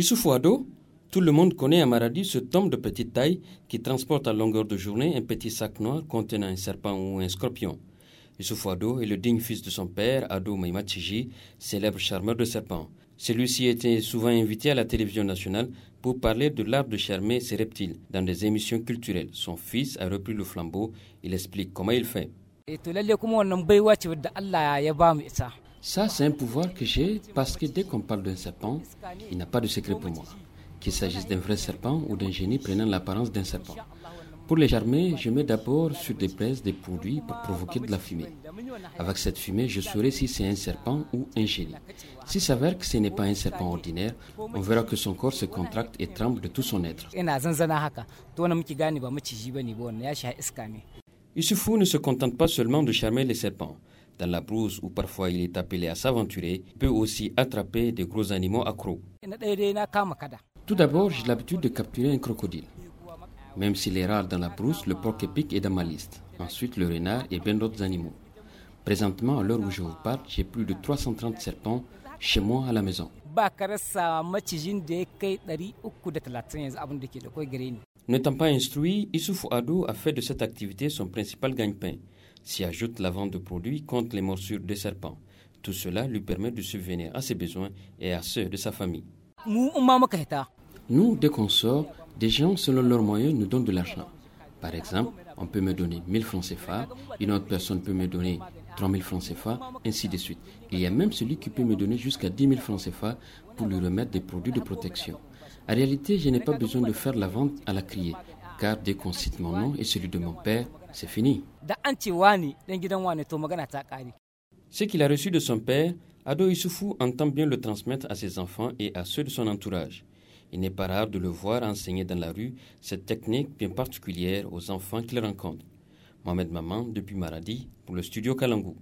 Issoufou Ado, tout le monde connaît à Maradi ce tombe de petite taille qui transporte à longueur de journée un petit sac noir contenant un serpent ou un scorpion. Issoufou Ado est le digne fils de son père, Ado Maïmatchiji, célèbre charmeur de serpents. Celui-ci était souvent invité à la télévision nationale pour parler de l'art de charmer ses reptiles dans des émissions culturelles. Son fils a repris le flambeau. Il explique comment il fait. Ça, c'est un pouvoir que j'ai parce que dès qu'on parle d'un serpent, il n'a pas de secret pour moi, qu'il s'agisse d'un vrai serpent ou d'un génie prenant l'apparence d'un serpent. Pour les charmer, je mets d'abord sur des braises des produits pour provoquer de la fumée. Avec cette fumée, je saurai si c'est un serpent ou un génie. S'il s'avère que ce n'est pas un serpent ordinaire, on verra que son corps se contracte et tremble de tout son être. Issoufou ne se contente pas seulement de charmer les serpents dans la brousse où parfois il est appelé à s'aventurer peut aussi attraper des gros animaux accros. Tout d'abord, j'ai l'habitude de capturer un crocodile. Même s'il est rare dans la brousse, le porc épic est dans ma liste. Ensuite, le renard et bien d'autres animaux. Présentement, à l'heure où je vous parle, j'ai plus de 330 serpents chez moi à la maison. N'étant pas instruit, Issoufou Adou a fait de cette activité son principal gagne-pain s'y ajoute la vente de produits contre les morsures des serpents. Tout cela lui permet de subvenir à ses besoins et à ceux de sa famille. Nous, dès qu'on sort, des gens, selon leurs moyens, nous donnent de l'argent. Par exemple, on peut me donner 1000 francs CFA, une autre personne peut me donner 3000 francs CFA, ainsi de suite. il y a même celui qui peut me donner jusqu'à 10 000 francs CFA pour lui remettre des produits de protection. En réalité, je n'ai pas besoin de faire la vente à la criée, car dès qu'on cite mon nom et celui de mon père, c'est fini. Ce qu'il a reçu de son père, Ado Issoufou entend bien le transmettre à ses enfants et à ceux de son entourage. Il n'est pas rare de le voir enseigner dans la rue cette technique bien particulière aux enfants qu'il rencontre. Mohamed Maman, depuis Maradi, pour le studio Kalangou.